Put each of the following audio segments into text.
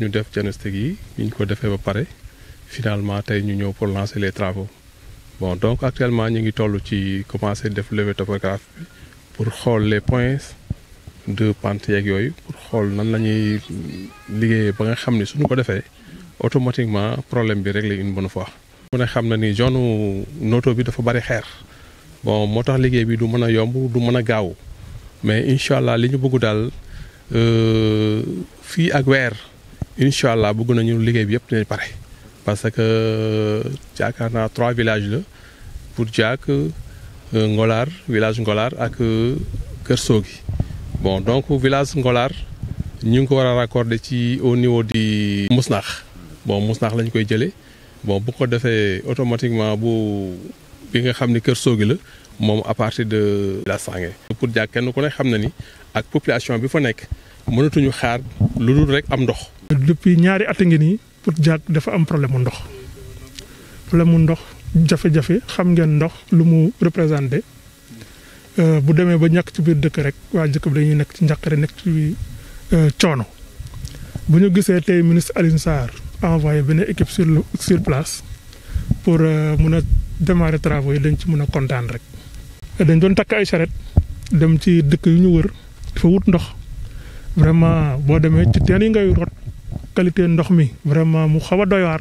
ñu def diagnostic yi ñu ko defee ba pare finalement tey ñu ñëw pour lancer les travaux bon donc actuellement ñu ngi toll ci commencer def levé topographe bi pour xool les points de pente yeeg yooyu pour xool nan la ñuy liggéeyee ba nga xam ni suñu ko defee automatiquement problème bi régler une bonne fois. mu ne xam na ni zone Noto bi dafa bari xeer bon moo tax liggéey bi du mën a yomb du mën a gaaw mais incha allah li ñu bëgg daal euh, fii ak weer. Inshallah, allah bëgg nañu liggéey bi yëpp dinañ pare parce que yaakaar naa trois villages la pour Diack euh, Ngolaar village Ngolaar ak euh, Kër Soogi bon donc village Ngolaar ñu ngi ko war a raccorder ci au niveau di Mousnaax bon Mousnaax lañ koy jëlee bon bu ko defee automatiquement bu bi nga xam ni Kër Soogi la moom à partir de la Sangé pour Diack kenn ku ne xam na ni ak population bi fa nekk mënatuñu xaar lu dul rek am ndox. depuis ñaari at ngi ni pour jaak dafa am problème ndox problème ndox jafé jafé xam ngeen ndox lu mu représenter euh bu démé ba ñak ci biir dëkk rek wa dëkk bi dañuy nekk ci ñakare nekk ci euh coono bu ñu gisee tay ministre Aline Sar envoyé benn équipe sur sur place pour euh, mun a démarrer travaux yi dañ ci mëna contane rek dañ doon tak ay charrette dem ci dëkk yu ñu wër fa wut ndox vraiment bo démé ci teen yi ngay rot qualité ndox mi vraiment mu xawa a doy waar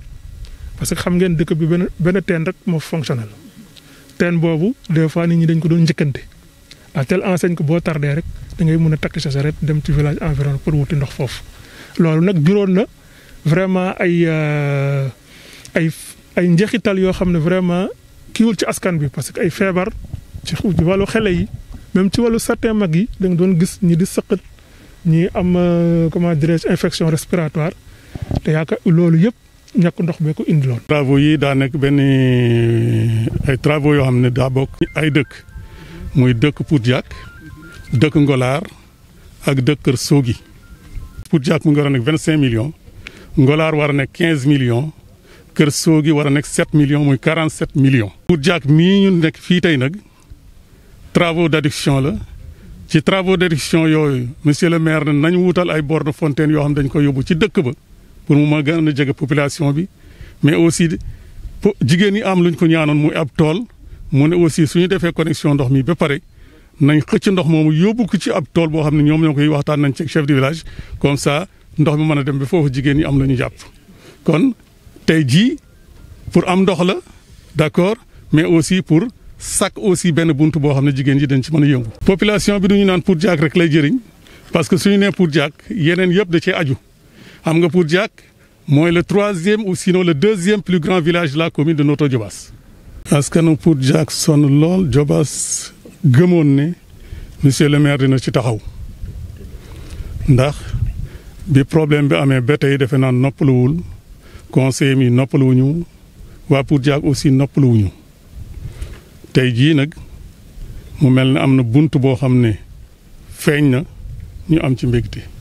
parce que xam ngeen dëkk bi ben benn teen rek mo fonctionnel ten bobu des fois nit ñi dañ ko doon jëkënte à tel enseigne que bo tardé rek da ngay mëna takk sa saret dem ci village environ pour wuti ndox foofu loolu nag juróon na vraiment ay euh, ay ay njeexital yo xamne vraiment kiiwul ci askan bi parce que ay feebar ci walu xele yi même ci walu certain mag yi da nga doon gis ñi di sëqat ñi am euh, comment dirais-je infection respiratoire te yaakaar loolu yëpp ñekk ndox bee ko indi lool. travaux yi daa nekk benn euh, ay travaux yoo xam ne daa bokk. ay dëkk muy dëkk Poudjak dëkk Ngolaar ak dëkk Kër Soogi. Poudjak mu ngi war a nekk vingt cinq millions Ngolaar war a nekk million millions Kër Soogi war a nekk sept millions muy quarante sept millions. Poudjak mii ñu nekk fii tey nag travaux d'adduction la. ci travaux d'érection yooyu monsieur le maire ne nañ wutal ay borne fontaine yoo xam dañ ko yóbbu ci dëkk ba pour mu ma gën a jege population bi mais aussi jigéen ñi am luñ ko ñaanoon muy ab tool mu ne aussi suñu defee connexion ndox mi ba pare nañ xëcc ndox moomu yóbbu ko ci ab tool boo xam ne ñoom ñoo koy waxtaan nañ ci chef de village comme ça ndox mi mën a dem ba foofu jigéen ñi am lu ñu jàpp kon tey jii pour am ndox la d'accord mais aussi pour sak aussi benn buntu boo xam ne jigéen ji dañ ci mën a yëngu. population bi du ñu naan pour Diack rek lay jëriñ parce que suñu nee pour Diack yeneen yëpp da cee aju xam nga pour Diack mooy le troisième ou sinon le deuxième plus grand village de la commune de noto Diobass. askanu pour Diack son lool Diobass gëmoon ne monsieur le maire dina ci taxaw ndax bi problème bi amee ba tey defe naa noppaluwul conseil mi noppaluwuñu waa pour Diack aussi noppaluwuñu. tey jii nag mu mel ne am na bunt boo xam ne feeñ na ñu am ci mbégte